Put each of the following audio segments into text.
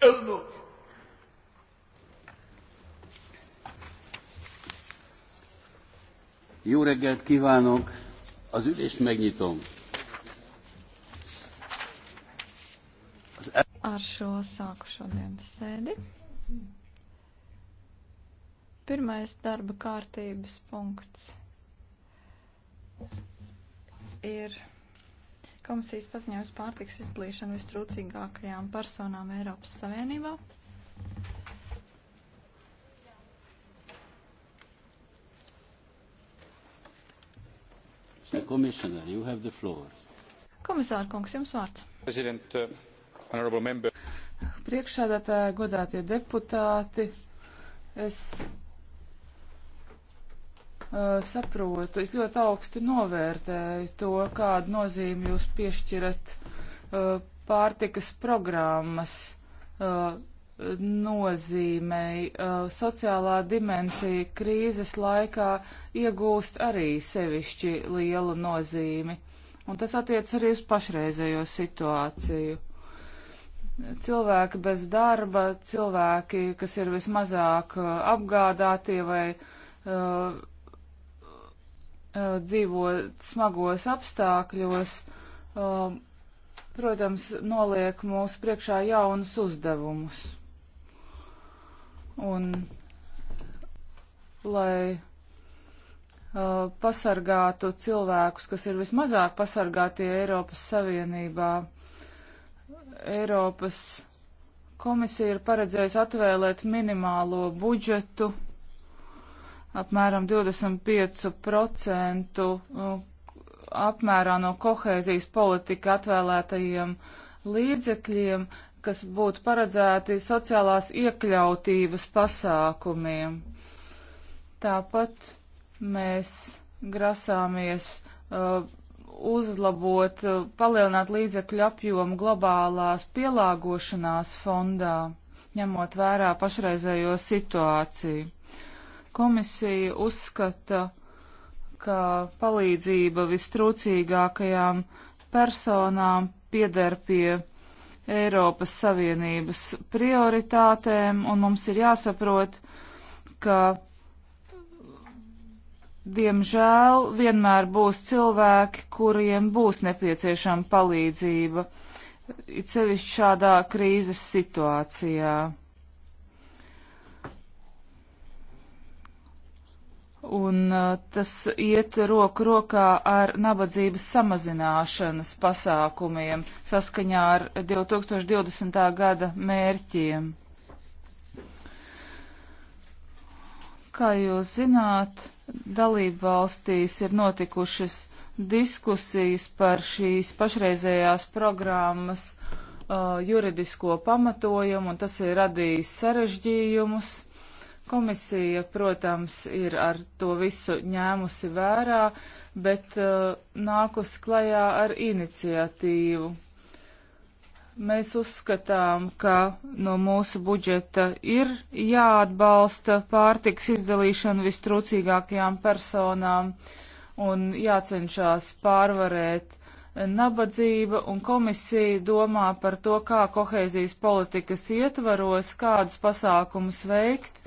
elnök! Jó reggelt kívánok! Az ülést megnyitom. Az el... Ar šo sāku šodienas sēdi. Pirmais darba kārtības punkts ir Komisijas paziņojums pārtiks izplīšanu vistrūcīgākajām personām Eiropas Savienībā. Komisāra kungs, jums vārds. Uh, Priekšādātāja, godātie deputāti, es Eh, saprotu, es ļoti augsti novērtēju to, kādu nozīmi jūs piešķirat eh, pārtikas programmas eh, nozīmei. Sociālā dimensija krīzes laikā iegūst arī sevišķi lielu nozīmi. Un tas attiec arī uz pašreizējo situāciju. Cilvēki bez darba, cilvēki, kas ir vismazāk apgādāti vai uh, Uh, dzīvo smagos apstākļos, um, protams, noliek mūsu priekšā jaunus uzdevumus. Un, lai uh, pasargātu cilvēkus, kas ir vismazāk pasargātie Eiropas Savienībā, Eiropas komisija ir paredzējusi atvēlēt minimālo budžetu apmēram 25% uh, apmērā no kohēzijas politika atvēlētajiem līdzekļiem, kas būtu paredzēti sociālās iekļautības pasākumiem. Tāpat mēs grasāmies uh, uzlabot, uh, palielināt līdzekļu apjomu globālās pielāgošanās fondā, ņemot vērā pašreizējo situāciju. Komisija uzskata, ka palīdzība vistrūcīgākajām personām pieder pie Eiropas Savienības prioritātēm, un mums ir jāsaprot, ka diemžēl vienmēr būs cilvēki, kuriem būs nepieciešama palīdzība, it sevišķi šādā krīzes situācijā. un uh, tas iet roku rokā ar nabadzības samazināšanas pasākumiem saskaņā ar 2020. gada mērķiem. Kā jūs zināt, dalību valstīs ir notikušas diskusijas par šīs pašreizējās programmas uh, juridisko pamatojumu, un tas ir radījis sarežģījumus Komisija, protams, ir ar to visu ņēmusi vērā, bet uh, nākus klajā ar iniciatīvu. Mēs uzskatām, ka no mūsu budžeta ir jāatbalsta pārtiks izdalīšana vistrūcīgākajām personām un jācenšās pārvarēt nabadzība un komisija domā par to, kā kohēzijas politikas ietvaros, kādus pasākumus veikt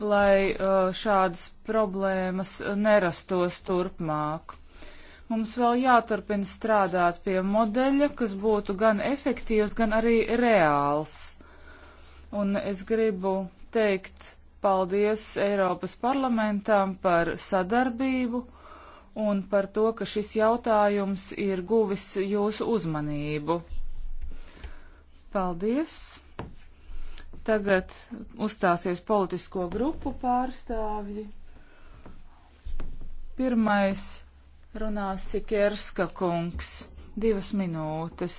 lai uh, šādas problēmas uh, nerastos turpmāk. Mums vēl jāturpina strādāt pie modeļa, kas būtu gan efektīvs, gan arī reāls. Un es gribu teikt paldies Eiropas parlamentam par sadarbību un par to, ka šis jautājums ir guvis jūsu uzmanību. Paldies! Tagad uzstāsies politisko grupu pārstāvji. Pirmais runās Sikerska kungs. Divas minūtes.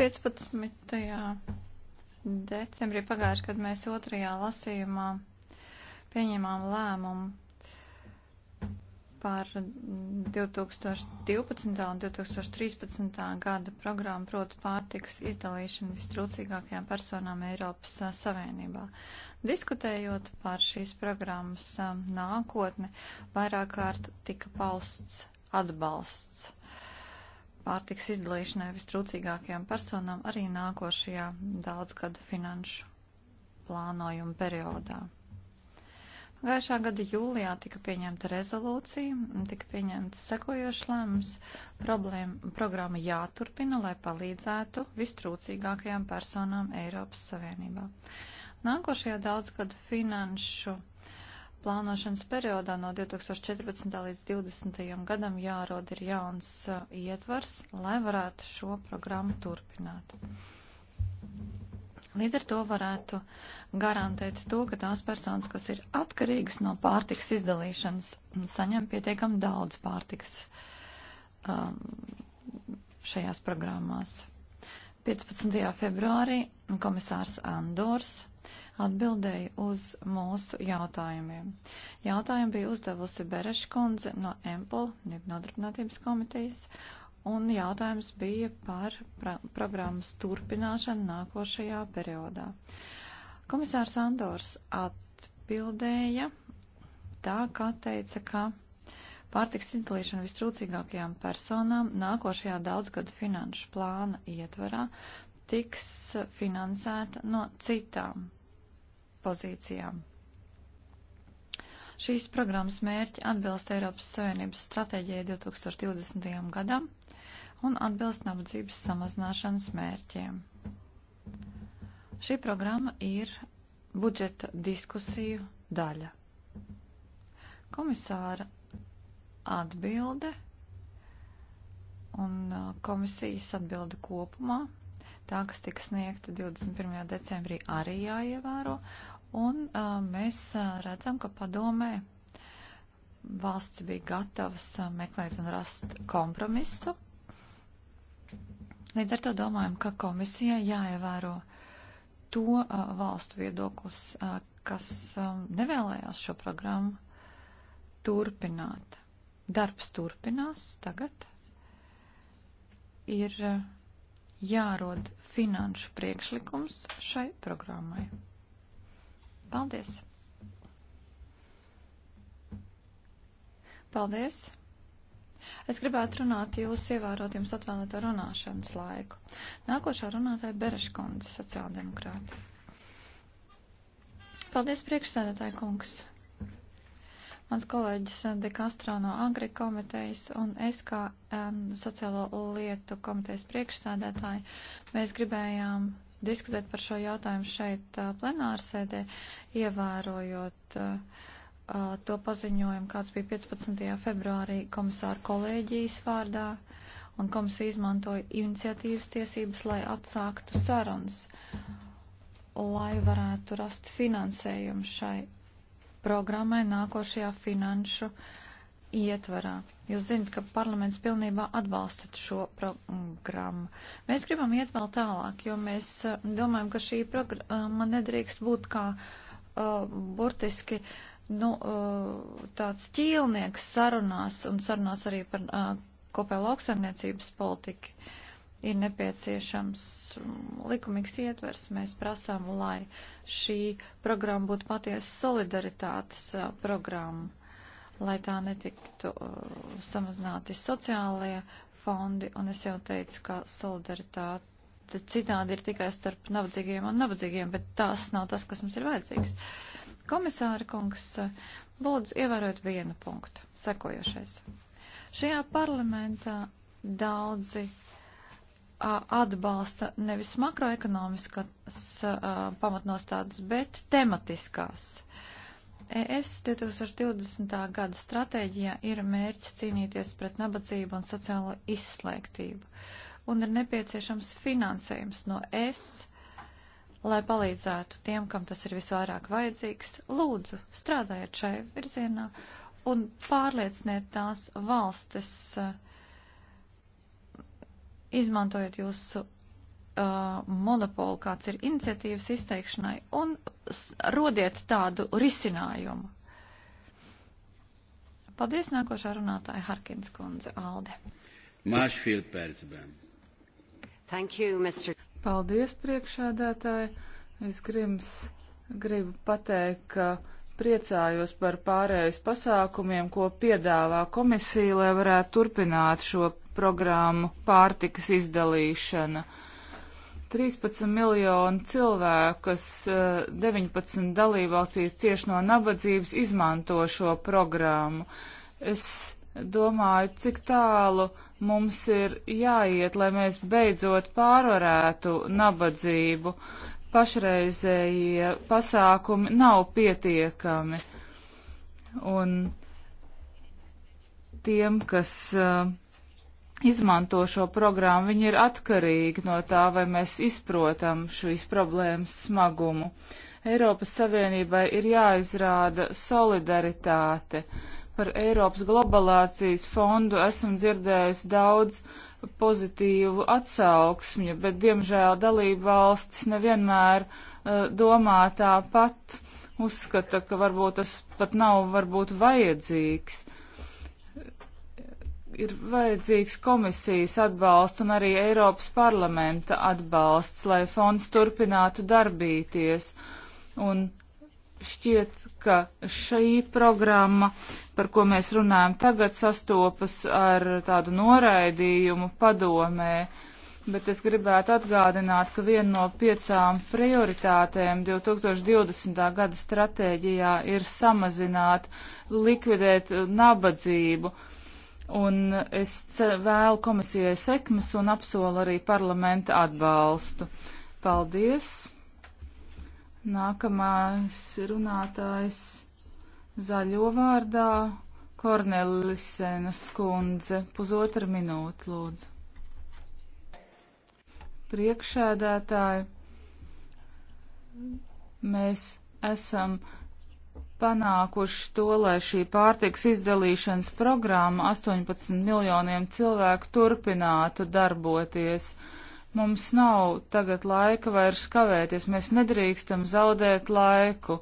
15. decembrī pagājušajā gadā mēs otrajā lasījumā pieņēmām lēmumu par 2012. un 2013. gada programmu protu pārtiks izdalīšanu vistrūcīgākajām personām Eiropas Savienībā. Diskutējot par šīs programmas nākotni, vairāk kārt tika pausts atbalsts pārtiks izdalīšanai vistrūcīgākajām personām arī nākošajā daudzgadu finanšu plānojuma periodā. Gājušā gada jūlijā tika pieņemta rezolūcija, tika pieņemts sekojošs lēmums, programma jāturpina, lai palīdzētu vistrūcīgākajām personām Eiropas Savienībā. Nākošajā daudzgadu finanšu plānošanas periodā no 2014. līdz 2020. gadam jārod ir jauns uh, ietvars, lai varētu šo programmu turpināt. Līdz ar to varētu garantēt to, ka tās personas, kas ir atkarīgas no pārtiks izdalīšanas, saņem pietiekam daudz pārtiks um, šajās programmās. 15. februārī komisārs Andors atbildēja uz mūsu jautājumiem. Jautājumu bija uzdevusi Bereša kundze no EMPL, nodarbinātības komitejas, un jautājums bija par programmas turpināšanu nākošajā periodā. Komisārs Andors atbildēja tā, kā teica, ka pārtiks izdalīšana vistrūcīgākajām personām nākošajā daudzgadu finanšu plāna ietvarā tiks finansēta no citām pozīcijām. Šīs programmas mērķi atbilst Eiropas Savienības stratēģijai 2020. gadam un atbilst nabadzības samazināšanas mērķiem. Šī programma ir budžeta diskusiju daļa. Komisāra atbilde un uh, komisijas atbilde kopumā, tā, kas tika sniegta 21. decembrī, arī jāievēro, Un uh, mēs uh, redzam, ka padomē valsts bija gatavas uh, meklēt un rast kompromisu. Līdz ar to domājam, ka komisijai jāievēro to uh, valstu viedoklis, uh, kas um, nevēlējās šo programmu turpināt. Darbs turpinās tagad. Ir uh, jārod finanšu priekšlikums šai programmai. Paldies! Paldies! Es gribētu runāt jūs ievērot jums atvēlēto runāšanas laiku. Nākošā runātāja Bereškundze, sociāldemokrāta. Paldies, priekšsēdētāja kungs! Mans kolēģis De Castro no Agri komitejas un es kā um, sociālo lietu komitejas priekšsēdētāji, mēs gribējām diskutēt par šo jautājumu šeit plenārsēdē, ievērojot uh, to paziņojumu, kāds bija 15. februārī komisāra kolēģijas vārdā, un komisija izmantoja iniciatīvas tiesības, lai atsāktu sarunas, lai varētu rast finansējumu šai programmai nākošajā finanšu uh, ietvarā. Jūs zinat, ka parlaments pilnībā atbalstat šo programmu. Mēs gribam iet vēl tālāk, jo mēs uh, domājam, ka šī programma nedrīkst būt kā uh, burtiski nu, uh, tāds ķīlnieks sarunās un sarunās arī par uh, kopēju lauksaimniecības politiku. Ir nepieciešams um, likumīgs ietvers. Mēs prasām, lai šī programma būtu patiesa solidaritātes uh, programma lai tā netiktu uh, samazināti sociālie fondi, un es jau teicu, ka solidaritāte citādi ir tikai starp nabadzīgiem un nabadzīgiem, bet tas nav tas, kas mums ir vajadzīgs. Komisāra kungs, uh, lūdzu, ievērojot vienu punktu, sekojošais. Šajā parlamentā daudzi uh, atbalsta nevis makroekonomiskas uh, pamatnostādes, bet tematiskās uh, E ES 2020. gada stratēģijā ir mērķis cīnīties pret nabadzību un sociālo izslēgtību, un ir nepieciešams finansējums no ES, lai palīdzētu tiem, kam tas ir visvairāk vajadzīgs. Lūdzu, strādājiet šai virzienā un pārlieciniet tās valstis, eh, izmantojot jūsu uh, monopolu, kāds ir iniciatīvas izteikšanai, un rodiet tādu risinājumu. Paldies nākošā runātāja Harkins kundze Alde. Māršfild pērsbēm. Thank you, Mr. Paldies, priekšādātāji. Es grims, gribu pateikt, ka priecājos par pārējais pasākumiem, ko piedāvā komisija, lai varētu turpināt šo programmu pārtikas izdalīšana. Uh, 13 miljonu cilvēku, kas 19 eh, dalībvalstīs cieši no nabadzības, izmanto šo programmu. Es domāju, cik tālu mums ir jāiet, lai mēs beidzot pārvarētu nabadzību. Pašreizējie pasākumi nav pietiekami. Un tiem, kas uh, izmanto šo programmu, viņi ir atkarīgi no tā, vai mēs izprotam šīs problēmas smagumu. Eiropas Savienībai ir jāizrāda solidaritāte. Par Eiropas globalizācijas fondu esam dzirdējusi daudz pozitīvu atsauksmju, bet diemžēl dalība valstis nevienmēr uh, domā tāpat, uzskata, ka varbūt tas pat nav varbūt vajadzīgs. Uh, ir vajadzīgs komisijas atbalsts un arī Eiropas parlamenta atbalsts, lai fonds turpinātu darbīties. Un šķiet, ka šī programma, par ko mēs runājam tagad, sastopas ar tādu noraidījumu padomē. Bet es gribētu atgādināt, ka viena no piecām prioritātēm 2020. gada stratēģijā ir samazināt, likvidēt nabadzību un es vēlu komisijai sekmes un apsolu arī parlamenta atbalstu. Paldies! Nākamais runātājs zaļo vārdā Kornelisenas kundze. Pusotra minūte, lūdzu. Priekšēdētāji, mēs esam panākuši to, lai šī pārtiks izdalīšanas programma 18 miljoniem cilvēku turpinātu darboties. Mums nav tagad laika vairs kavēties, mēs nedrīkstam zaudēt laiku.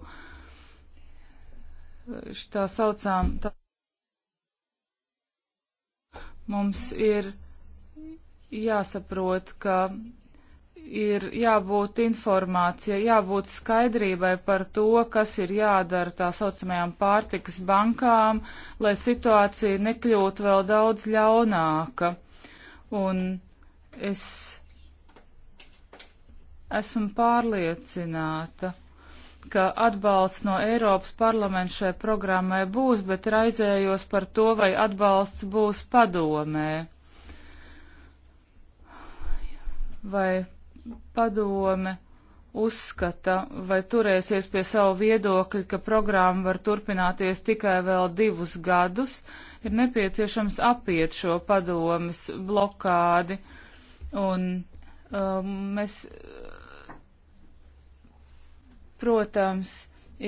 Tā saucām. Tā... Mums ir jāsaprot, ka ir jābūt informācijai, jābūt skaidrībai par to, kas ir jādara tā saucamajām pārtikas bankām, lai situācija nekļūtu vēl daudz ļaunāka. Un es esmu pārliecināta, ka atbalsts no Eiropas parlamenta šai programmai būs, bet raizējos par to, vai atbalsts būs padomē. Vai padome uzskata vai turēsies pie savu viedokli, ka programma var turpināties tikai vēl divus gadus, ir nepieciešams apiet šo padomas blokādi. Un um, mēs, protams,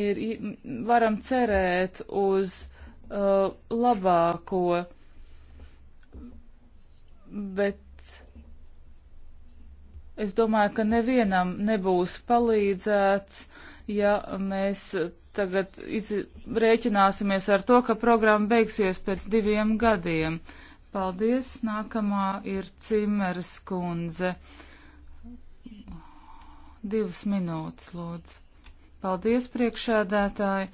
ir, varam cerēt uz uh, labāko, bet Es domāju, ka nevienam nebūs palīdzēts, ja mēs tagad iz... rēķināsimies ar to, ka programma beigsies pēc diviem gadiem. Paldies. Nākamā ir Cimeres kundze. Divas minūtes, lūdzu. Paldies, priekšēdētāji.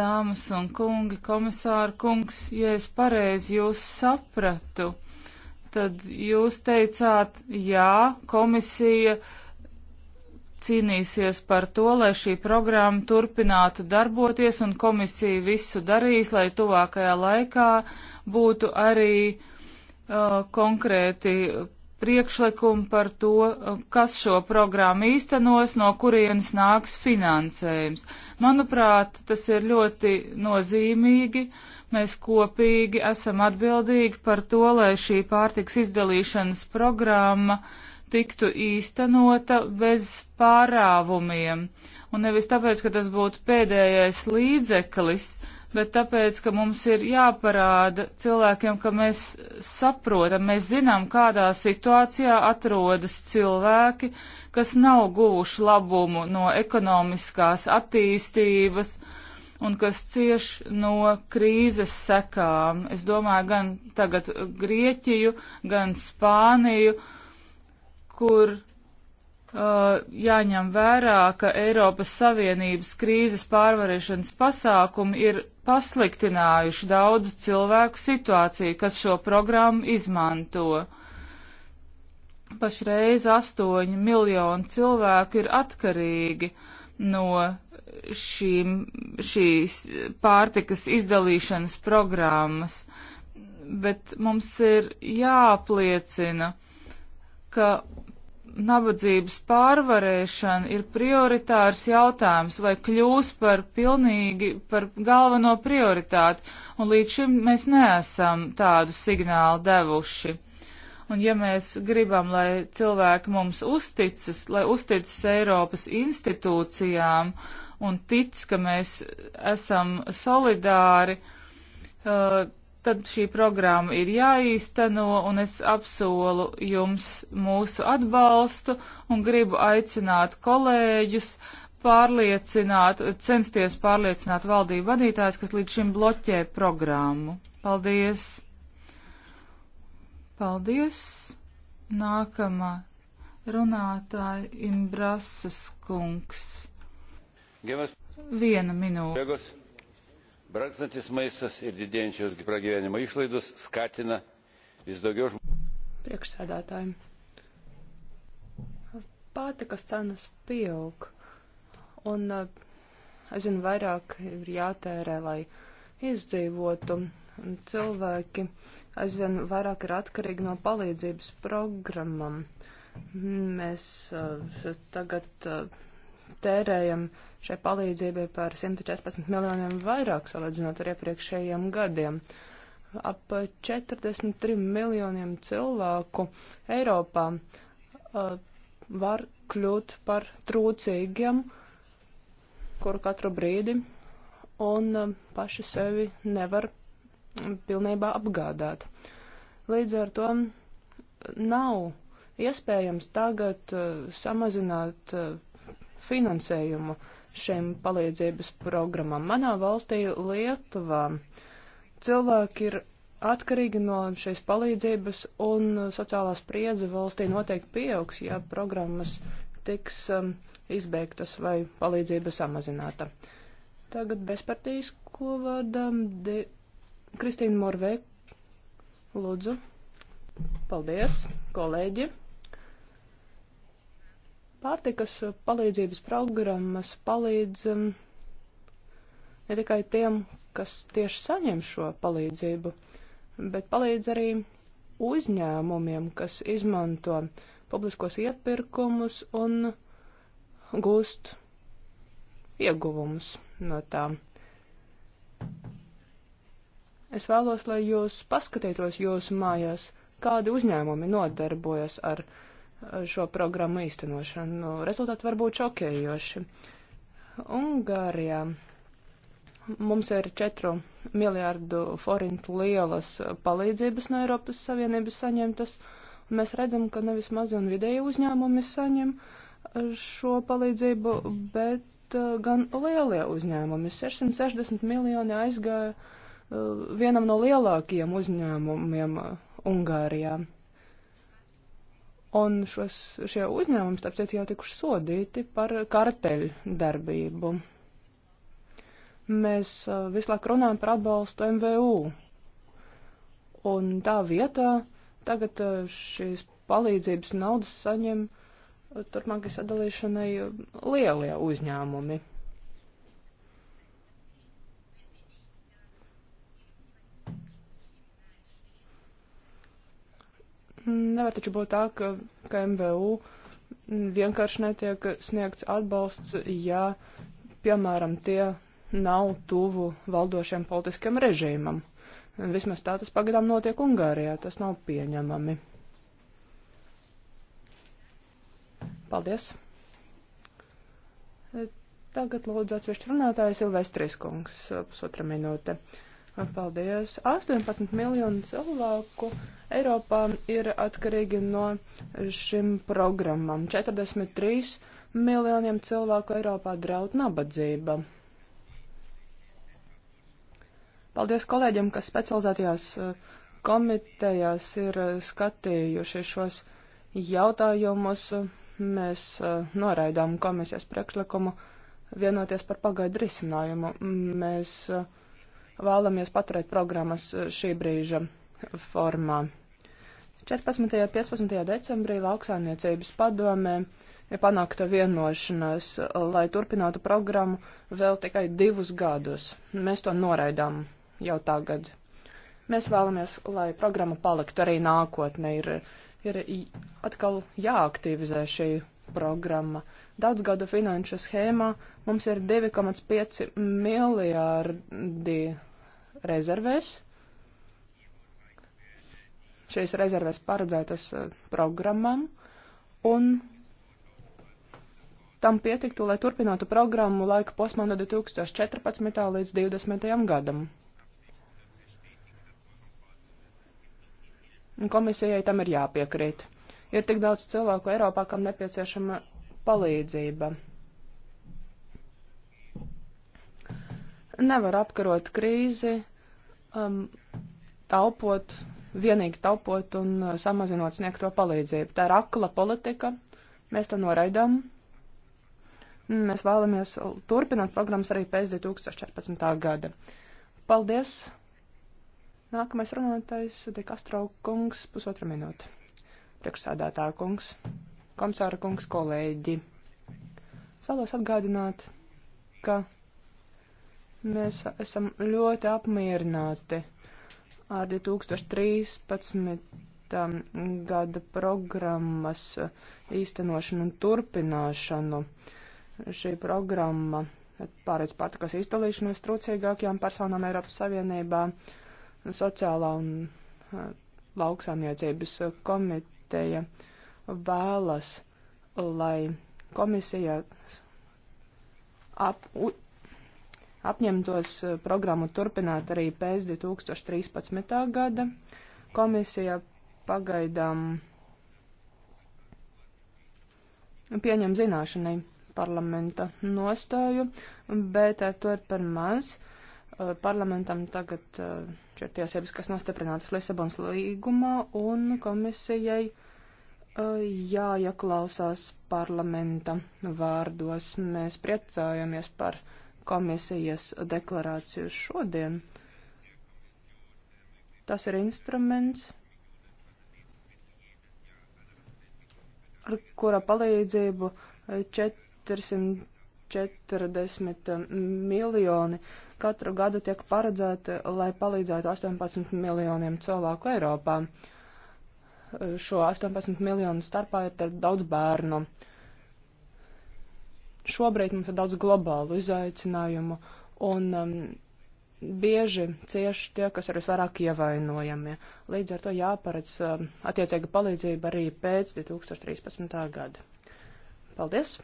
Dāmas un kungi, komisāra kungs, ja es pareizi jūs sapratu Tad jūs teicāt, jā, komisija cīnīsies par to, lai šī programma turpinātu darboties, un komisija visu darīs, lai tuvākajā laikā būtu arī uh, konkrēti priekšlikumu par to, uh, kas šo programmu īstenos, no kurienes nāks finansējums. Manuprāt, tas ir ļoti nozīmīgi. Mēs kopīgi esam atbildīgi par to, lai šī pārtiks izdalīšanas programma tiktu īstenota bez pārāvumiem. Un nevis tāpēc, ka tas būtu pēdējais līdzeklis, uh, bet tāpēc, ka mums ir jāparāda cilvēkiem, ka mēs saprotam, mēs zinām, kādā situācijā atrodas cilvēki, kas nav guvuši labumu no ekonomiskās attīstības un kas cieš no krīzes sekām. Es domāju gan tagad Grieķiju, gan Spāniju, kur Uh, jāņem vērā, ka Eiropas Savienības krīzes pārvarēšanas pasākumi ir pasliktinājuši daudzu cilvēku situāciju, kas šo programmu izmanto. Pašreiz 8 miljoni cilvēku ir atkarīgi no šīm, šīs pārtikas izdalīšanas programmas, bet mums ir jāapliecina, ka nabadzības pārvarēšana ir prioritārs jautājums vai kļūs par pilnīgi, par galveno prioritāti, un līdz šim mēs neesam tādu signālu devuši. Un ja mēs gribam, lai cilvēki mums uzticas, lai uzticas Eiropas institūcijām un tic, ka mēs esam solidāri, uh, tad šī programma ir jāīsteno, un es apsolu jums mūsu atbalstu un gribu aicināt kolēģus pārliecināt, censties pārliecināt valdību vadītājs, kas līdz šim bloķē programmu. Paldies! Paldies! Nākamā runātāja Imbrasas kungs. Viena minūte. Brangstantis maistas ir didėjančios pragyvenimo išlaidos skatina vis daugiau žmonių. Priekšsēdētājiem. Pārtikas cenas pieaug, un, es eh, zinu, vairāk ir jātērē, lai izdzīvotu. Un cilvēki aizvien vairāk ir atkarīgi no palīdzības programmam. Mēs uh, tagad uh, tērējam šai palīdzībai par 114 miljoniem vairāk salīdzinot ar iepriekšējiem gadiem. Ap 43 miljoniem cilvēku Eiropā uh, var kļūt par trūcīgiem, kuru katru brīdi un uh, paši sevi nevar pilnībā apgādāt. Līdz ar to nav iespējams tagad uh, samazināt uh, finansējumu šiem palīdzības programmām. Manā valstī Lietuvā cilvēki ir atkarīgi no šīs palīdzības un sociālā spriedze valstī noteikti pieaugs, ja programmas tiks um, izbeigtas vai palīdzība samazināta. Tagad bezpartijas, ko vadam de... Kristīna Morvē. Lūdzu. Paldies, kolēģi. Pārtikas palīdzības programmas palīdz um, ne tikai tiem, kas tieši saņem šo palīdzību, bet palīdz arī uzņēmumiem, kas izmanto publiskos iepirkumus un gūst ieguvumus no tā. Es vēlos, lai jūs paskatītos jūsu mājās, kādi uzņēmumi nodarbojas ar uh, šo programmu īstenošanu. Nu, rezultāti var būt šokējoši. Ungārijā mums ir 4 miljārdu forintu lielas palīdzības no Eiropas Savienības saņemtas. Mēs redzam, ka nevis mazi un vidēji uzņēmumi saņem šo palīdzību, bet uh, gan lielie uzņēmumi. 660 miljoni aizgāja uh, vienam no lielākajiem uzņēmumiem uh, Ungārijā. Un šos, šie uzņēmumi, starp citu, jau tikuši sodīti par karteļu darbību. Mēs uh, visu laiku runājam par atbalstu MVU. Un tā vietā tagad uh, šīs palīdzības naudas saņem uh, turpmākai sadalīšanai lielie uzņēmumi. Nevar taču būt tā, ka, ka MVU vienkārši netiek sniegts atbalsts, ja, piemēram, tie nav tuvu valdošiem politiskiem režīmam. Vismaz tā tas pagadām notiek Ungārijā, tas nav pieņemami. Paldies. Tagad lūdzu atsevišķi runātāju Silvestrijas kungs pusotra minūte. Paldies. 18 miljonu cilvēku Eiropā ir atkarīgi no šim programmam. 43 miljoniem cilvēku Eiropā draud nabadzība. Paldies kolēģiem, kas specializētajās eh, komitejās ir eh, skatījuši šos jautājumus. Mēs eh, noraidām komisijas priekšlikumu vienoties par pagaidu risinājumu. Mēs uh, vēlamies paturēt programmas eh, šī brīža formā. 14. un 15. decembrī lauksaimniecības padomē ir panākta vienošanās, lai turpinātu programmu vēl tikai divus gadus. Mēs to noraidām jau tagad. Mēs vēlamies, lai programma paliktu arī nākotnē. Ir, ir atkal jāaktivizē šī programma. Daudzgada finanšu schēmā mums ir 2,5 miljārdi rezervēs. Šīs rezervēs paredzētas eh, programmam un tam pietiktu, lai turpinātu programmu laika posmā no 2014. līdz 2020. gadam. Komisijai tam ir jāpiekrīt. Ir tik daudz cilvēku Eiropā, kam nepieciešama palīdzība. Nevar apkarot krīzi um, taupot, vienīgi taupot un uh, samazinot sniegto palīdzību. Tā ir akla politika, mēs to noraidām. Mēs vēlamies turpināt programmas arī pēc 2014. gada. Paldies! Nākamais runātājs - Dekastro kungs, pusotra minūte. Priekšsādātā kungs, komisāra kungs, kolēģi. Es vēlos atgādināt, ka Mēs esam ļoti apmierināti ar 2013. Um, gada programmas īstenošanu un turpināšanu. Šī programma pārēc pārtikas izdalīšanos trūcīgākajām personām Eiropas Savienībā, sociālā un uh, lauksaimniecības komiteja vēlas, lai komisija ap, u, apņemtos eh, programmu turpināt arī pēc 2013. gada. Komisija pagaidām pieņem zināšanai parlamenta nostāju, bet eh, to ir par maz. Eh, parlamentam tagad ir tiesības, kas nostiprinātas Lisabons līgumā, un komisijai jāieklausās parlamenta vārdos. Mēs priecājamies par komisijas deklarāciju šodien. Tas ir instruments, ar kura palīdzību 440 miljoni katru gadu tiek paredzēti, lai palīdzētu 18 miljoniem cilvēku Eiropā. Šo 18 miljonu starpā ir daudz bērnu. Uh, Šobrīd mums ir daudz globālu izaicinājumu, un um, bieži cieši tie, kas ir visvairāk ievainojami. Līdz ar to jāparedz um, attiecīga palīdzība arī pēc 2013. gada. Paldies!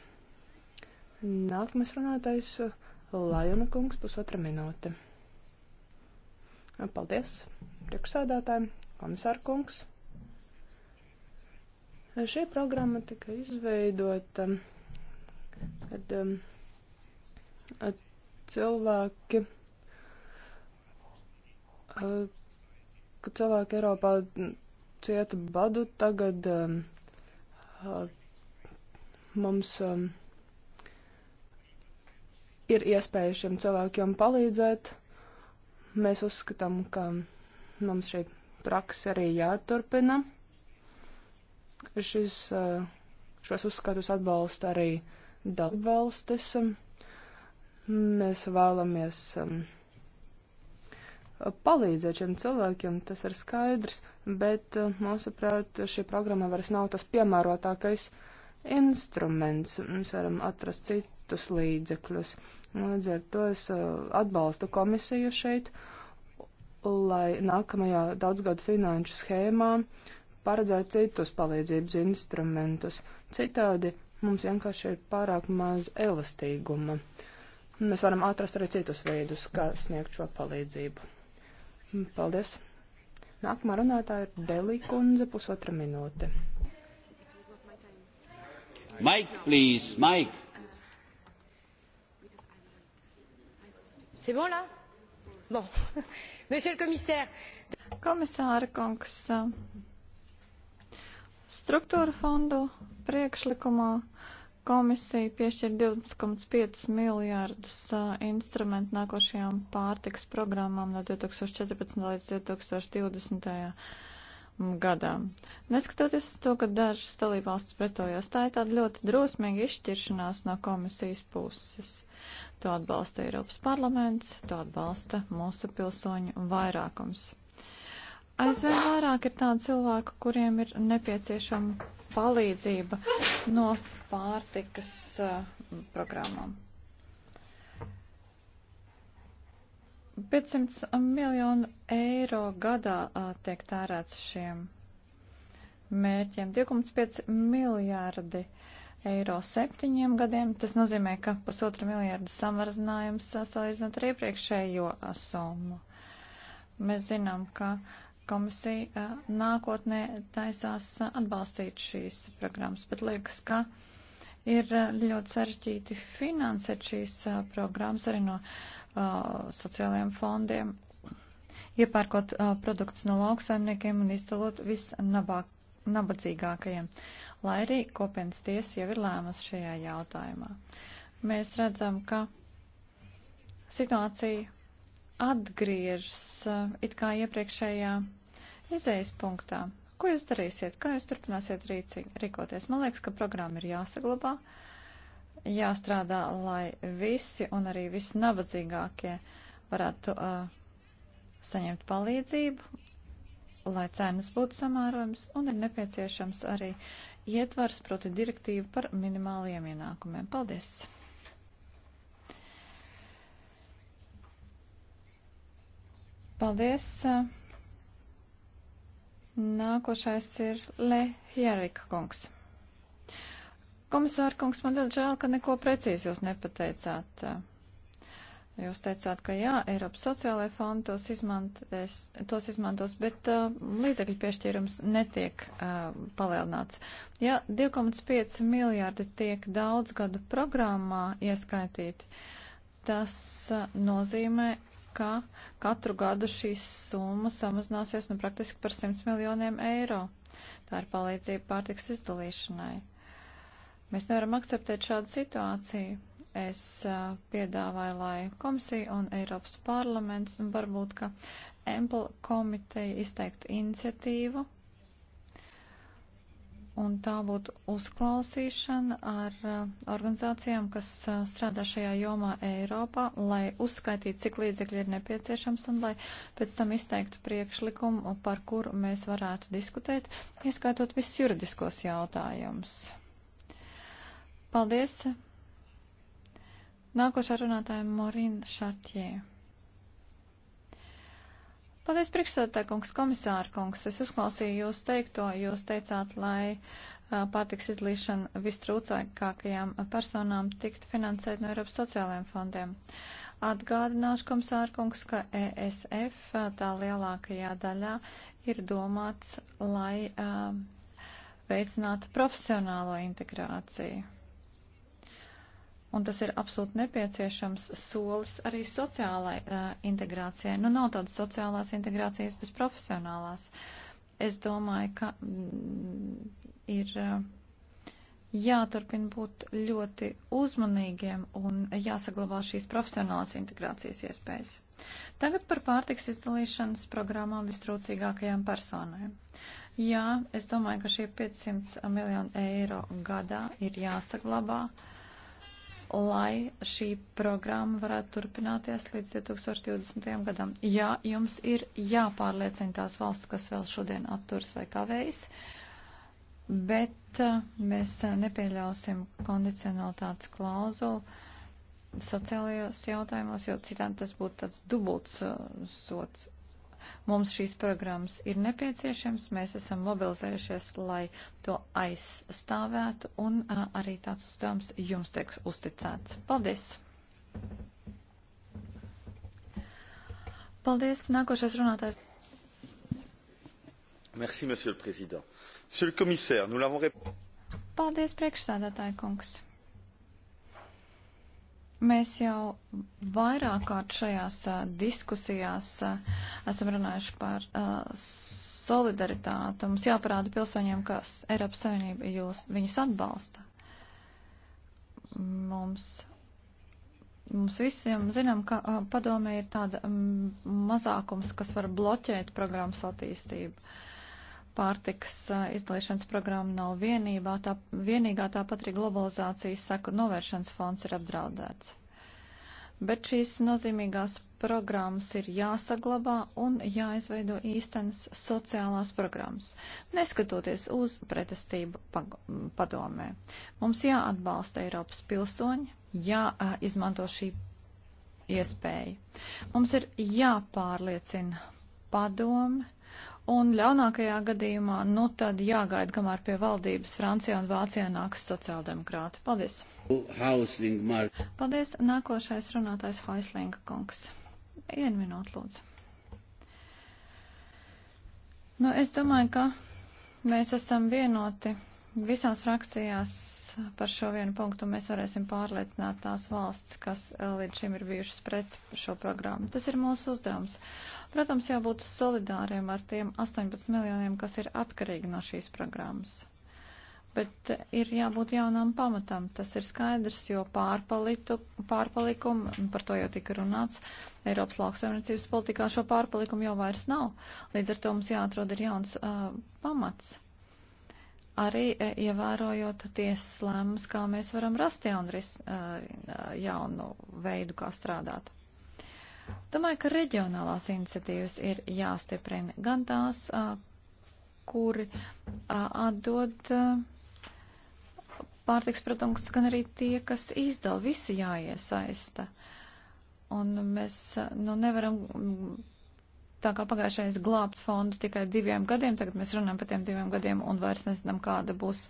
Nākamais runātais uh, Lajona kungs pusotra minūte. Paldies priekšsādātājiem, komisārkungs. Šī programma tika izveidota. Um, kad um, cilvēki, uh, kad cilvēki Eiropā cieta badu, tagad um, uh, mums um, ir iespēja šiem cilvēkiem palīdzēt. Mēs uzskatām, ka mums šī praksa arī jāturpina. Šis, uh, šos uzskatus atbalsta arī uh, dalībvalstis. Mēs vēlamies um, palīdzēt šiem cilvēkiem, tas ir skaidrs, bet, uh, mūsuprāt, šī programma vairs nav tas piemērotākais instruments. Mēs varam atrast citus līdzekļus. Līdz ar to es uh, atbalstu komisiju šeit, lai nākamajā daudzgadu finanšu schēmā paredzētu citus palīdzības instrumentus. Citādi Mums vienkārši ir pārāk maz elastīguma. Mēs varam atrast arī citus veidus, kā sniegt šo palīdzību. Paldies! Nākamā runātāja ir Delī kundze, pusotra minūte. Mike, please, Mike! C'est bon là Bon. Monsieur le commissaire. Komisāra kungs, Struktūra fondu priekšlikumā komisija piešķir 2,5 miljārdus instrumentu nākošajām pārtiks programmām no 2014 līdz 2020. gadām. Neskatoties uz to, ka dažas dalībvalstis pretojās, tā ir tāda ļoti drosmīga izšķiršanās no komisijas puses. To atbalsta Eiropas parlaments, to atbalsta mūsu pilsoņu vairākums. Aizvien vairāk ir tādu cilvēku, kuriem ir nepieciešama palīdzība no pārtikas uh, programmām. 500 miljonu eiro gadā uh, tiek tērēts šiem mērķiem. 2,5 miljārdi eiro septiņiem gadiem. Tas nozīmē, ka pusotra miljārda samazinājums uh, salīdzinot ar iepriekšējo uh, summu. Mēs zinām, ka uh, komisija nākotnē taisās atbalstīt šīs programmas, bet liekas, ka ir ļoti sarežģīti finansēt šīs programmas arī no uh, sociālajiem fondiem, iepērkot uh, produktus no lauksaimniekiem un izdalot visnabadzīgākajiem, lai arī kopienas tiesa jau ir lēmusi šajā jautājumā. Mēs redzam, ka situācija atgriežas eh, it kā iepriekšējā izējas punktā. Ko jūs darīsiet? Kā jūs turpināsiet rīcīgi, rīkoties? Man liekas, ka programma ir jāsaglabā, jāstrādā, lai visi un arī visi nabadzīgākie varētu uh, saņemt palīdzību, lai cenas būtu samērojams un ir nepieciešams arī ietvars proti direktīvu par minimāliem ienākumiem. Paldies! Paldies. Nākošais ir Lehjerika kungs. Komisāra kungs, man ļoti žēl, ka neko precīzi jūs nepateicāt. Jūs teicāt, ka jā, Eiropas sociālajā fonda tos, izmantos, tos izmantos, bet uh, līdzekļu piešķīrums netiek uh, palielināts. Ja 2,5 miljārdi tiek daudz gadu programmā ieskaitīti, tas uh, nozīmē, ka katru gadu šī summa samazināsies nu praktiski par 100 miljoniem eiro. Tā ir palīdzība pārtiks izdalīšanai. Mēs nevaram akceptēt šādu situāciju. Es uh, piedāvāju, lai komisija un Eiropas parlaments un varbūt, ka Empel komiteja izteiktu iniciatīvu un tā būtu uzklausīšana ar eh, organizācijām, kas eh, strādā šajā jomā Eiropā, lai uzskaitītu, cik līdzekļi ir nepieciešams un lai pēc tam izteiktu priekšlikumu, par kuru mēs varētu diskutēt, ieskaitot visus juridiskos jautājumus. Paldies! Nākošā runātāja Morina Šartjē. Paldies, priekšstādākungs, komisāra kungs. Es uzklausīju jūs teikto, jūs teicāt, lai pārtiks izlīšana vistrūcākākajām personām tiktu finansēt no Eiropas sociālajiem fondiem. Atgādināšu, komisāra kungs, ka ESF tā lielākajā daļā ir domāts, lai uh, veicinātu profesionālo integrāciju un tas ir absolūti nepieciešams solis arī sociālai uh, integrācijai. Nu, nav tādas sociālās integrācijas bez profesionālās. Es domāju, ka mm, ir uh, jāturpina būt ļoti uzmanīgiem un jāsaglabā šīs profesionālās integrācijas iespējas. Tagad par pārtiks izdalīšanas programmām vistrūcīgākajām personēm. Jā, es domāju, ka šie 500 miljoni eiro gadā ir jāsaglabā. Uh, lai šī programma varētu turpināties līdz 2020. gadam. Ja jums ir jāpārliecina tās valsts, kas vēl šodien atturs vai kavējas, bet uh, mēs uh, nepieļausim kondicionalitātes klauzulu sociālajos jautājumos, jo citādi tas būtu tāds dubults sots Mums šīs programmas ir nepieciešams, mēs esam mobilizējušies, lai to aizstāvētu, un a, arī tāds uzdevums jums tiek uzticēts. Paldies! Paldies! Nākošais runātājs. Merci, monsieur le président. Monsieur le commissaire, nous l'avons répondu. Paldies, priekšsēdētāji kungs. Mēs jau vairāk kārt šajās a, diskusijās a, esam runājuši par a, solidaritāti. Mums jāparāda pilsoņiem, ka Eiropas Savienība jūs, viņus atbalsta. Mums, mums visiem zinām, ka padomē ir tāda m, mazākums, kas var bloķēt programmas attīstību. Uh, pārtiks izdalīšanas programma nav vienībā, tā, vienīgā, tāpat arī globalizācijas saku novēršanas fonds ir apdraudēts. Bet šīs nozīmīgās programmas ir jāsaglabā un jāizveido īstenas sociālās programmas, neskatoties uz pretestību padomē. Mums jāatbalsta Eiropas pilsoņi, jāizmanto šī iespēja. Mums ir jāpārliecina padomi Un ļaunākajā gadījumā, nu tad jāgaida, kamēr pie valdības Francijā un Vācijā nāks sociāldemokrāti. Paldies! Hausling, Mar... Paldies! Nākošais runātājs Haislinga kungs. Vienu minūtu, lūdzu. Nu, es domāju, ka mēs esam vienoti Visās frakcijās par šo vienu punktu mēs varēsim pārliecināt tās valsts, kas eh, līdz šim ir bijušas pret šo programmu. Tas ir mūsu uzdevums. Protams, jābūt solidāriem ar tiem 18 miljoniem, kas ir atkarīgi no šīs programmas. Bet eh, ir jābūt jaunām pamatam. Tas ir skaidrs, jo pārpalikumu, par to jau tika runāts, Eiropas lauksaimniecības politikā šo pārpalikumu jau vairs nav. Līdz ar to mums jāatrod ir jauns uh, pamats arī e, ievērojot tiesas lēmumus, kā mēs varam rast jaunu, ris, e, jaunu veidu, kā strādāt. Domāju, ka reģionālās iniciatīvas ir jāstiprina gan tās, e, kuri atdod pārtiks produktus, gan arī tie, kas izdala, visi jāiesaista. Un mēs nu, nevaram tā kā pagājušais glābt fondu tikai diviem gadiem, tagad mēs runājam par tiem diviem gadiem un vairs nezinām, kāda būs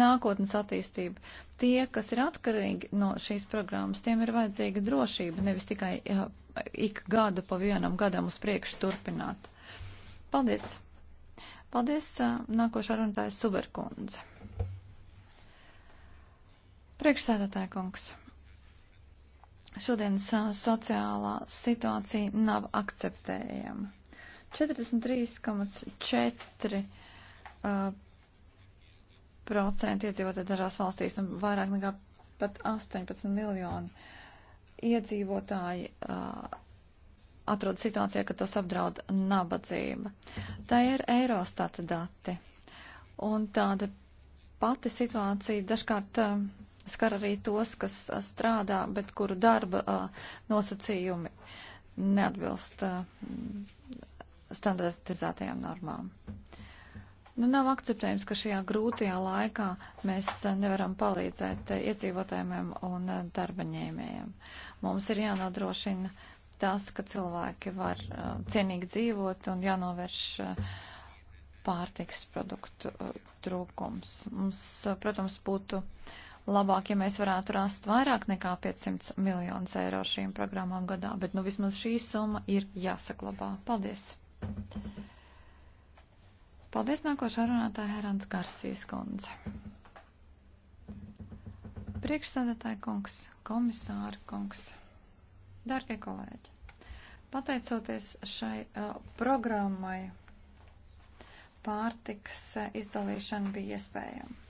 nākotnes attīstība. Tie, kas ir atkarīgi no šīs programmas, tiem ir vajadzīga drošība, nevis tikai jā, ik gadu pa vienam gadam uz priekšu turpināt. Paldies! Paldies! Nākošā runātāja Suberkundze. Priekšsēdētāja kungs. Šodienas sociālā situācija nav akceptējama. 43,4 uh, procenti iedzīvotāji dažās valstīs un vairāk nekā pat 18 miljoni iedzīvotāji uh, atrodas situācijā, ka tos apdraud nabadzība. Tā ir Eirostata dati. Un tāda pati situācija dažkārt uh, skar arī tos, kas uh, strādā, bet kuru darba uh, nosacījumi neatbilst. Uh, standartizētajām normām. Nu, nav akceptējums, ka šajā grūtajā laikā mēs nevaram palīdzēt iedzīvotājiem un darba ņēmējiem. Mums ir jānodrošina tas, ka cilvēki var uh, cienīgi dzīvot un jānovērš uh, pārtiks produktu uh, trūkums. Mums, protams, būtu labāk, ja mēs varētu rast vairāk nekā 500 miljonus eiro šīm programmām gadā, bet nu vismaz šī summa ir jāsaklabā. Paldies! Paldies nākošā runātāja Herants Garsīs kundze. Priekšsēdētāja kungs, komisāra kungs, darbie kolēģi, pateicoties šai uh, programmai, pārtiks uh, izdalīšana bija iespējama.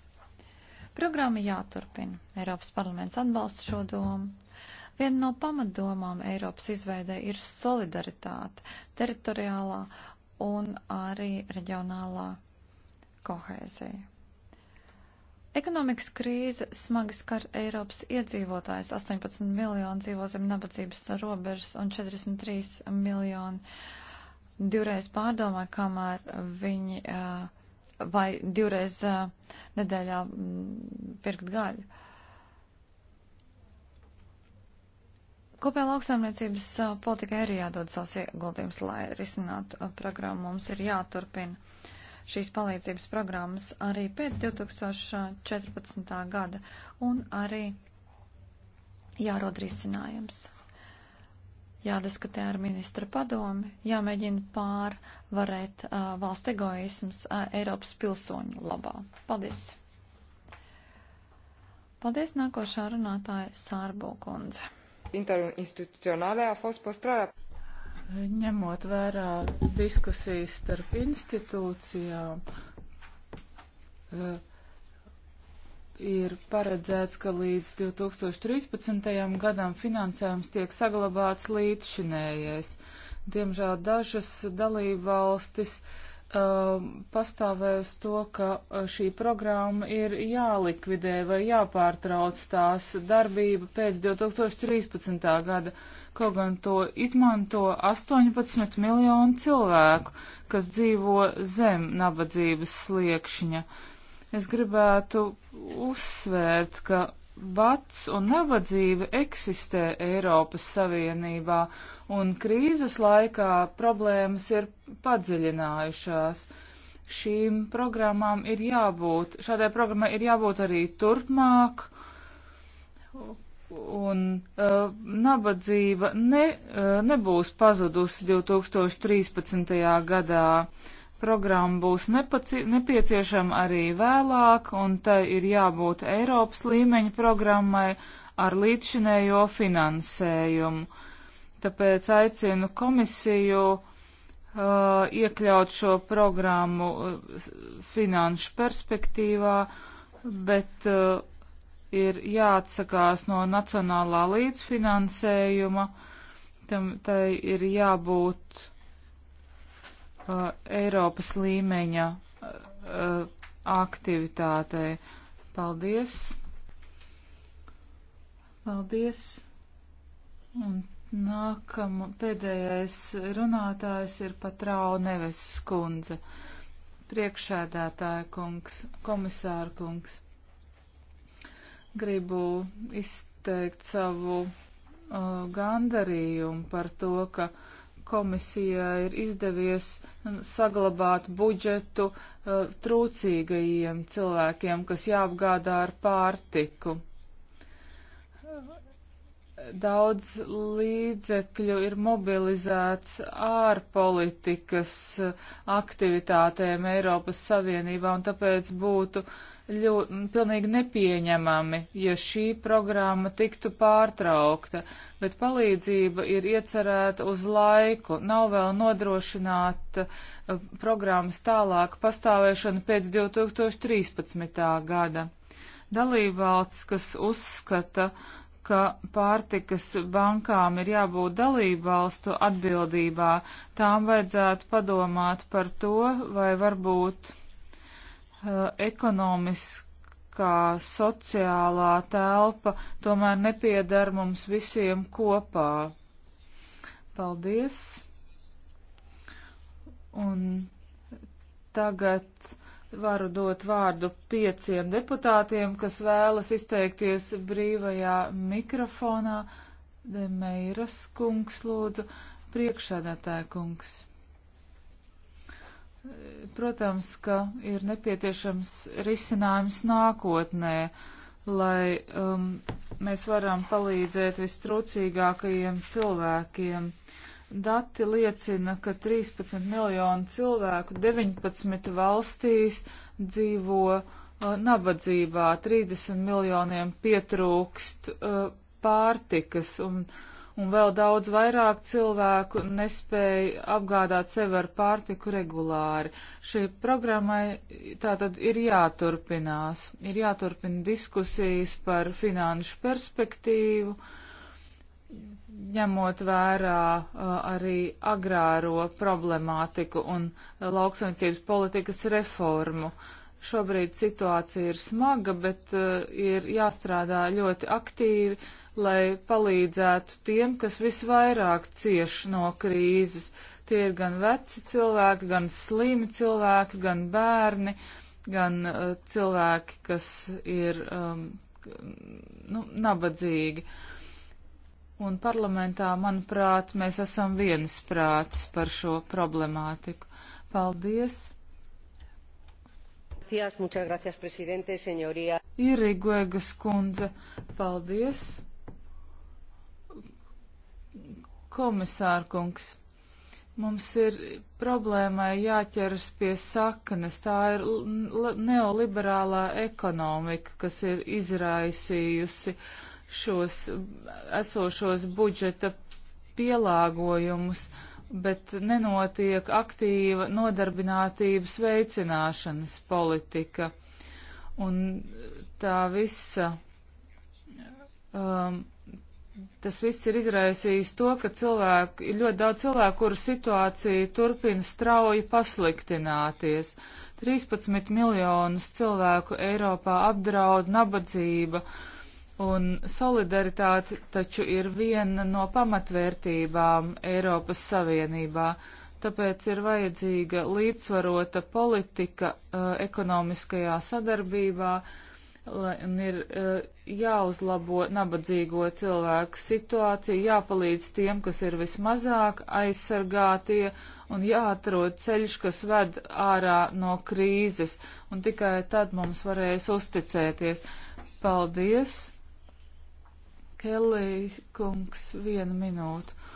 Programma jāturpina. Eiropas parlaments atbalsta šo domu. Viena no pamatdomām Eiropas izveidē ir solidaritāte teritoriālā un arī reģionālā kohēzija. Ekonomikas krīze smagi skar Eiropas iedzīvotājs. 18 miljoni dzīvo zem nabadzības robežas un 43 miljoni divreiz pārdomā, kamēr viņi vai divreiz nedēļā pirkt gaļu. Kopējā lauksaimniecības politikai arī jādod savus ieguldījumus, lai risinātu programmu. Mums ir jāturpina šīs palīdzības programmas arī pēc 2014. gada un arī jārod risinājums. Jādiskutē ar ministra padomi, jāmēģina pārvarēt uh, valsts egoisms uh, Eiropas pilsoņu labā. Paldies! Paldies nākošā runātāja Sārbo kundze interinstitucionale a fost păstrarea. Ņemot vērā diskusijas starp institūcijām, eh, ir paredzēts, ka līdz 2013. gadam finansējums tiek saglabāts līdzšinējais. Diemžēl dažas dalībvalstis valstis Um, pastāvēja uz to, ka uh, šī programma ir jālikvidē vai jāpārtrauc tās darbība pēc 2013. gada, kaut gan to izmanto 18 miljonu cilvēku, kas dzīvo zem nabadzības sliekšņa. Es gribētu uzsvērt, ka Bats un nabadzība eksistē Eiropas Savienībā, un krīzes laikā problēmas ir padziļinājušās. Šīm programmām ir jābūt, šādai programmai ir jābūt arī turpmāk, un uh, nabadzība ne, uh, nebūs pazudusi 2013. gadā. Uh, Programma būs nepieciešama arī vēlāk, un tai ir jābūt Eiropas līmeņa programmai ar līdzšinējo finansējumu. Tāpēc aicinu komisiju uh, iekļaut šo programmu uh, finanšu perspektīvā, bet uh, ir jāatsakās no nacionālā līdzfinansējuma. Tam tai ir jābūt uh, Eiropas līmeņa uh, eh, eh, aktivitātei. Paldies! Paldies! Un nākam, pēdējais runātājs ir Patrau Neves skundze, priekšēdētāja kungs, komisāra kungs. Gribu izteikt savu uh, gandarījumu par to, ka uh, komisijā ir izdevies saglabāt budžetu uh, trūcīgajiem cilvēkiem, kas jāapgādā ar pārtiku. Daudz līdzekļu ir mobilizēts ārpolitikas aktivitātēm Eiropas Savienībā, un tāpēc būtu uh, ļo, pilnīgi nepieņemami, ja šī programma tiktu pārtraukta, bet palīdzība ir iecerēta uz laiku, nav vēl nodrošināta uh, programmas tālāk pastāvēšana pēc 2013. gada. Dalībvalsts, kas uzskata, ka pārtikas bankām ir jābūt dalībvalstu atbildībā, tām vajadzētu padomāt par to, vai varbūt Eh, ekonomiskā, sociālā telpa tomēr nepiedar mums visiem kopā. Paldies! Un tagad varu dot vārdu pieciem deputātiem, kas vēlas izteikties brīvajā mikrofonā. Demeiras kungs lūdzu, priekšsēdētāja kungs. Protams, ka ir nepieciešams risinājums nākotnē, lai um, mēs varam palīdzēt vistrūcīgākajiem cilvēkiem. Dati liecina, ka 13 miljonu cilvēku 19 valstīs dzīvo uh, nabadzībā, 30 miljoniem pietrūkst uh, pārtikas un uh, un vēl daudz vairāk cilvēku nespēja apgādāt sevi ar pārtiku regulāri. Šī programmai tātad ir jāturpinās, ir jāturpina diskusijas par finanšu perspektīvu, ņemot vērā uh, arī agrāro problemātiku un lauksaimniecības politikas reformu. Šobrīd situācija ir smaga, bet uh, ir jāstrādā ļoti aktīvi lai palīdzētu tiem, kas visvairāk cieš no krīzes. Tie ir gan veci cilvēki, gan slimi cilvēki, gan bērni, gan uh, cilvēki, kas ir um, nu, nabadzīgi. Un parlamentā, manuprāt, mēs esam viensprātis par šo problemātiku. Paldies! Iriguegas kundze, paldies! Komisārkungs, mums ir problēmai jāķeras pie saknes. Tā ir neoliberālā ekonomika, kas ir izraisījusi šos esošos budžeta pielāgojumus bet nenotiek aktīva nodarbinātības veicināšanas politika. Un tā visa um, Tas viss ir izraisījis to, ka cilvēku, ir ļoti daudz cilvēku, kuru situācija turpina strauji pasliktināties. 13 miljonus cilvēku Eiropā apdraud nabadzība, un solidaritāte taču ir viena no pamatvērtībām Eiropas Savienībā. Tāpēc ir vajadzīga līdzsvarota politika uh, ekonomiskajā sadarbībā, uh, un ir eh, jāuzlabo nabadzīgo cilvēku situācija, jāpalīdz tiem, kas ir vismazāk aizsargātie, un jāatrod ceļš, kas ved ārā no krīzes, un tikai tad mums varēs uzticēties. Paldies! Kelly kungs, vienu minūtu.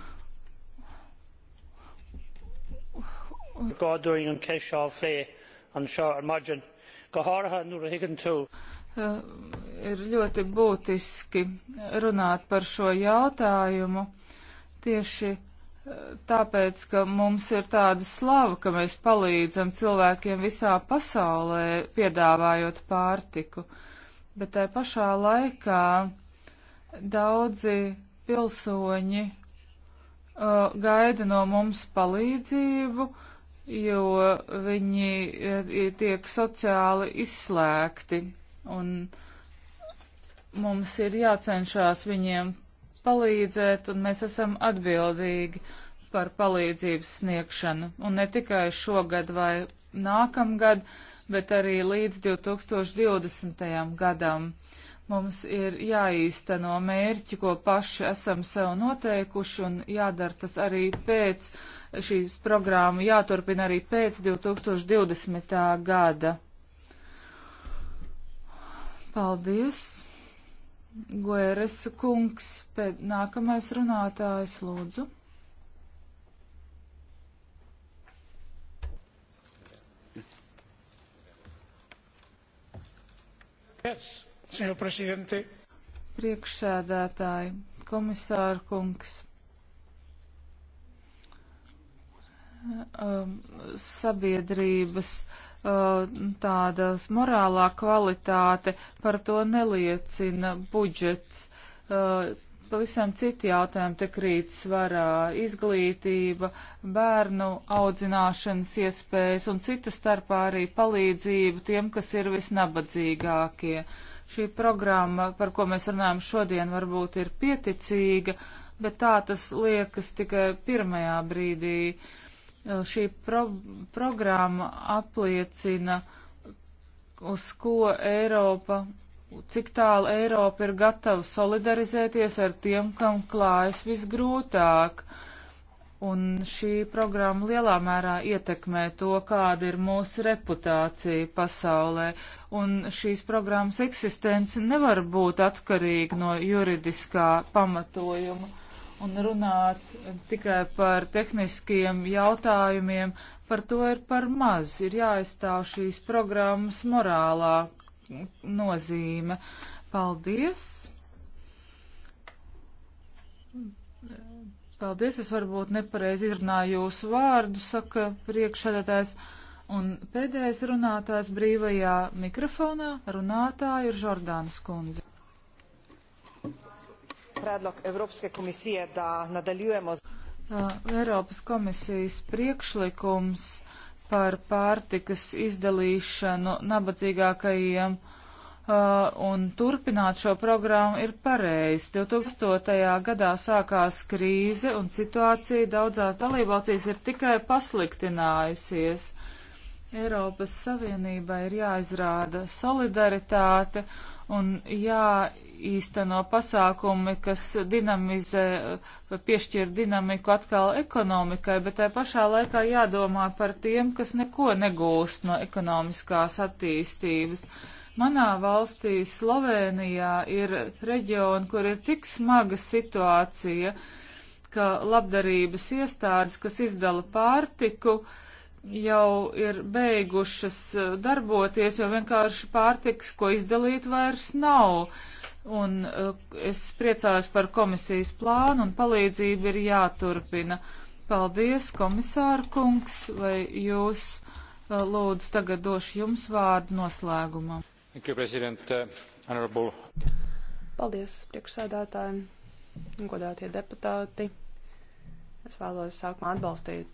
Godrīn un Kešā Flē un Šāra Maģin. Gahārha Nurahigan tū. Eh, ir ļoti būtiski runāt par šo jautājumu tieši eh, tāpēc, ka mums ir tāda slava, ka mēs palīdzam cilvēkiem visā pasaulē, piedāvājot pārtiku. Bet tai pašā laikā daudzi pilsoņi uh, gaida no mums palīdzību, jo viņi tiek sociāli izslēgti Un mums ir jācenšas viņiem palīdzēt, un mēs esam atbildīgi par palīdzības sniegšanu. Un ne tikai šogad vai nākamgad, bet arī līdz 2020. gadam. Mums ir jāīsteno mērķi, ko paši esam sev noteikuši, un jādara tas arī pēc šīs programmas, jāturpina arī pēc 2020. gada. Paldies! Gueres kungs, pēd, nākamais runātājs, lūdzu. Priekšsēdētāji, komisāra kungs. Um, sabiedrības Uh, tādas morālā kvalitāte, par to neliecina budžets. Uh, pavisam citi jautājumi te krīt svarā - izglītība, bērnu audzināšanas iespējas un cita starpā arī palīdzība tiem, kas ir visnabadzīgākie. Šī programma, par ko mēs runājam šodien, varbūt ir pieticīga, bet tā tas liekas tikai pirmajā brīdī. Uh, šī pro programma apliecina, uz ko Eiropa, cik tālu Eiropa ir gatava solidarizēties ar tiem, kam klājas visgrūtāk. Un šī programma lielā mērā ietekmē to, kāda ir mūsu reputācija pasaulē. Un šīs programmas eksistence nevar būt atkarīga no juridiskā pamatojuma un runāt tikai par tehniskiem jautājumiem, par to ir par maz. Ir jāizstāv šīs programmas morālā nozīme. Paldies! Paldies, es varbūt nepareizi izrunāju jūsu vārdu, saka priekšsēdētājs. Un pēdējais runātājs brīvajā mikrofonā runātāja ir Žordānas kundze predlog Evropske komisije da nadaljujemo. Uh, Eiropas komisijas priekšlikums par pārtikas izdalīšanu nabadzīgākajiem uh, un turpināt šo programmu ir pareizi. 2000. gadā sākās krīze un situācija daudzās dalībvalstīs ir tikai pasliktinājusies. Eiropas Savienībai ir jāizrāda solidaritāte un jāīsteno pasākumi, kas dinamizē, piešķir dinamiku atkal ekonomikai, bet tai pašā laikā jādomā par tiem, kas neko negūst no ekonomiskās attīstības. Manā valstī Slovenijā ir reģioni, kur ir tik smaga situācija, ka labdarības iestādes, kas izdala pārtiku, uh, jau ir beigušas eh, darboties, jo vienkārši pārtiks, ko izdalīt, vairs nav. Un eh, es priecājos par komisijas plānu un palīdzību ir jāturpina. Paldies, komisārkungs, vai jūs eh, lūdzu tagad došu jums vārdu noslēgumam. Uh, Paldies, priekšsēdētāji, godātie deputāti. Es vēlos sākumā atbalstīt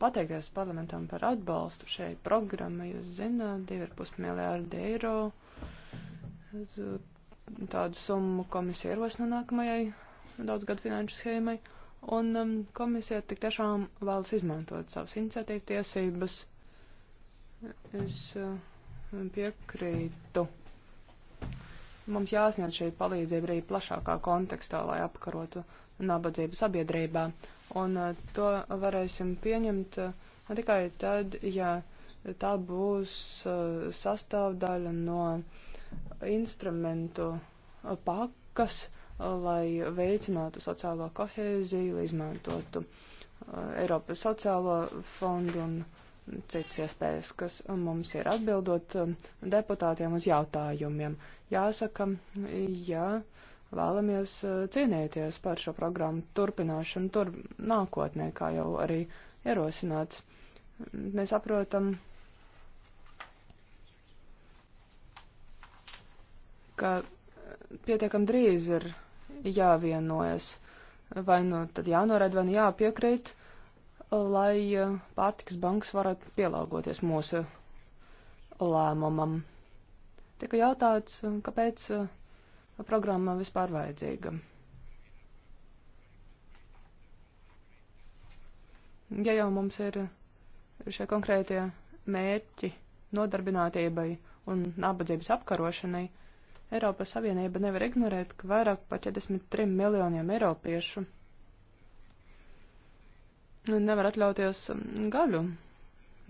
pateikties parlamentam par atbalstu šai programmai. Jūs zināt, 2,5 miljārdi eiro tādu summu komisija ieros no nākamajai daudzgadu finanšu schēmai. Un um, komisija tik tiešām vēlas izmantot savas iniciatīvas tiesības. Es uh, piekrītu. Mums jāsniedz šī palīdzība arī plašākā kontekstā, lai apkarotu uh, nabadzību sabiedrībā. Un uh, to varēsim pieņemt uh, tikai tad, ja tā būs uh, sastāvdaļa no instrumentu pakas, lai veicinātu sociālo kohēziju, lai izmantotu Eiropas sociālo fondu un citas iespējas, kas mums ir atbildot um, deputātiem uz jautājumiem. Jāsaka, jā. Ja vēlamies eh, cīnīties par šo programmu turpināšanu tur nākotnē, kā jau arī ierosināts. Mēs saprotam, ka eh, pietiekam drīz ir jāvienojas, vai nu tad jānoraida, vai nu jāpiekrīt, lai eh, pārtiks banks varētu pielāgoties mūsu lēmumam. Tika jautāts, kāpēc uh, programma vispār vajadzīga. Ja jau mums ir šie konkrētie mērķi nodarbinātībai un nabadzības apkarošanai, Eiropas Savienība nevar ignorēt, ka vairāk par 43 miljoniem eiropiešu nevar atļauties um, gaļu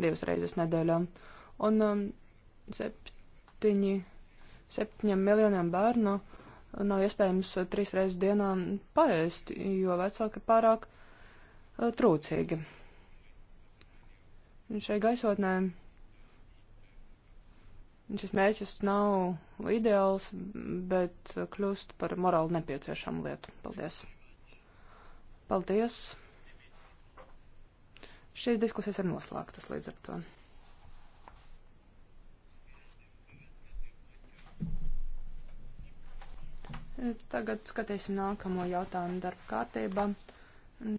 divas reizes nedēļā. Un um, septiņi Septiņiem miljoniem bērnu nav iespējams trīs reizes dienā paēst, jo vecāki pārāk eh, trūcīgi. Un šai gaisotnē šis mēķis nav ideāls, bet kļūst par morāli nepieciešamu lietu. Paldies! Paldies! Šīs diskusijas ir noslēgtas līdz ar to. Tagad skatīsim nākamo jautājumu darba kārtībā.